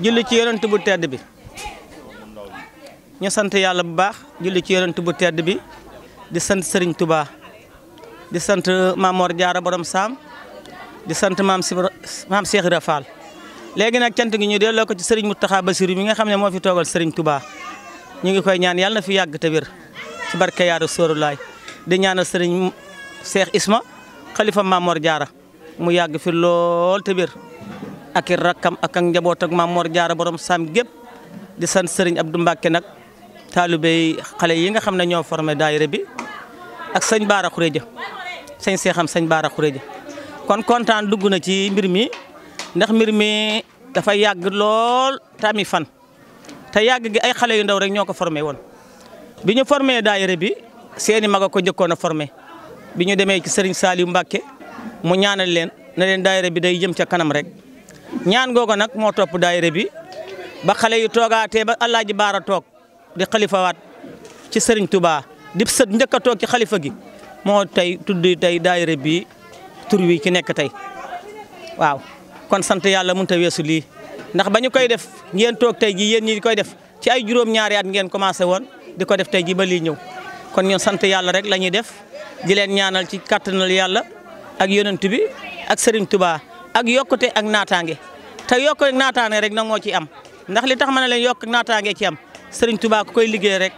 julli ci yonent bu tedd bi ñu sant yàlla bu baax julli ci yonent bu tedd bi di sant Serigne Touba di sant maam Mor Diarra borom Saam di sant maam si maam Cheikh Ibra Fall léegi nag cant gi ñu delloo ko ci Serigne Mountakha Bassirou mi nga xam ne moo fi toogal Serigne Touba ñu ngi koy ñaan yàlla na fi yàgg te wér ci barke Yaaru Sóorulaay di ñaanal Serigne Cheikh Isma xalifa maam jaara mu yàgg fi lool ak i rakkam ak ak njaboot ak maam Mor Jaara borom saam gépp di sant Serigne Abdou Mbacke nag taalibey xale yi nga xam ne ñoo forme daayira bi ak sëñ Baara Xuréja sëñ Seexam sëñ Baara Xuréja kon kontaan dugg na ci mbir mi ndax mbir mi dafa yàgg lool te fan te yàgg gi ay xale yu ndaw rek ñoo ko formé woon bi ñu formé daayira bi seeni mag ko njëkkoon a formé bi ñu demee ci Serigne Saliou Mbacke mu ñaanal leen na leen daayira bi day jëm ca kanam rek ñaan googu nag moo topp daayira bi ba xale yu toogaatee ba Alaaji Baara toog di xalifawaat ci sëriñ Touba di sët njëkk toog ci xalifa gi moo tey tudd tey daayira bi tur wi ci nekk tey waaw kon sant yàlla mënut a weesu lii ndax ba koy def ngeen toog tey jii yéen ñi di koy def ci ay juróom-ñaari at ngeen commencé woon di ko def tey jii ba lii ñëw kon ñun sant yàlla rek la def di leen ñaanal ci kàttanal yàlla ak yonent bi ak Serigne Touba. ak yokkute ak naataange te yokkute ak naataange rek nag moo ci am ndax li tax ma ne leen yokk ak naataange ci am Serigne Touba ku koy liggéey rek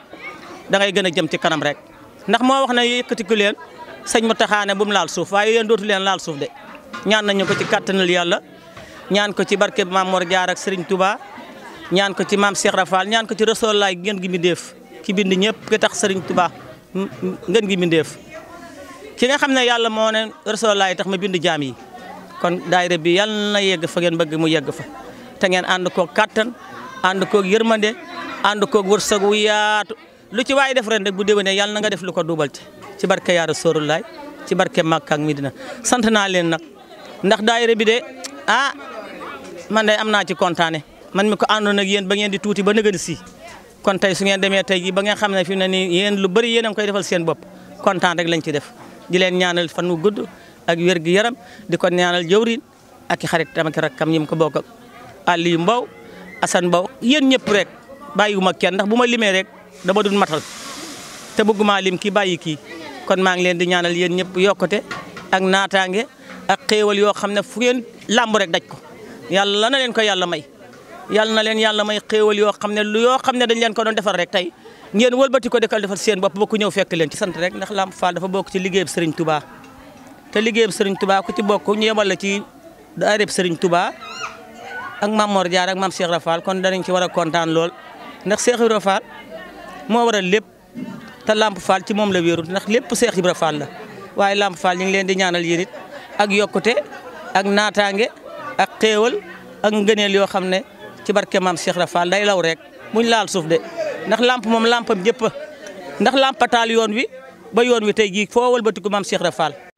da ngay gën a jëm ci kanam rek ndax moo wax na yëkkatiku leen sëñ mu taxaane bu mu laal suuf waaye yéen dootu leen laal suuf de ñaan nañu ko ci kattanal yàlla ñaan ko ci barke Maam Mor Jaar ak Serigne Touba ñaan ko ci maam Cheikh Rafal ñaan ko ci Rasuul laay ngeen gi mi def ki bind ñëpp ki tax Serigne Touba ngeen gi mi ki nga xam ne yàlla moo ne tax ma bind jaam yi kon daayira bi yàlla na yegg fa ngeen bëgg mu yegg fa te ngeen ànd koog kattan ànd koog yërmande ànd koog wërsëg wu yaatu lu ci waay def ren rek bu déwénee yàlla na nga def lu ko duubal ci ci barke yaa Rasulullaay ci barke Makka ak Medina sant naa leen nag ndax daayira bi de ah man de am naa ci kontaane man mi ko àndoon ak yéen ba ngeen di tuuti ba nëgën si kon tey su ngeen demee tey jii ba ngeen xam ne fi mu ne nii yéen lu bëri yéen a ngi koy defal seen bopp lañ ci def di ak wér gi yaram di ko ñaanal jëwriñ ak i xarit tam ak rakkam ñi mu ko bokk ak Aliou Mbow Assane Mbow yéen ñëpp rek bàyyiwuma kenn ndax bu ma limee rek dama dun matal te bëgguma lim ki bàyyi ki kon maa ngi leen di ñaanal yéen ñëpp yokkute ak naataange ak xéewal yoo xam ne fu ngeen làmb rek daj ko yàlla na leen ko yàlla may yàlla na leen may xéewal yoo xam ne lu yoo xam ne dañ leen ko doon defar rek tey ngeen wëlbati ko dekal defal seen bopp ba ku ñëw fekk leen te liggéey bu sëriñ Touba ku ci bokk ñu yemal ci daareb sëriñ Touba ak maam Mor Diarra ak maam Cheikh Rafal kon danañ ci war a kontaan lool ndax Cheikh Ibra moo waral lépp te Lamp Fall ci moom la wéeru ndax lépp Cheikh Ibra Fall la waaye Lamp Fall ñu ngi leen di ñaanal yéen it ak yokkute ak naataange ak xéewal ak ngëneel yoo xam ne ci barke maam Cheikh Rafal day law rek buñ laal suuf de ndax lamp moom lampam ñëpp ndax lampataal yoon wi ba yoon wi tey jii foo wëlbatiku maam Cheikh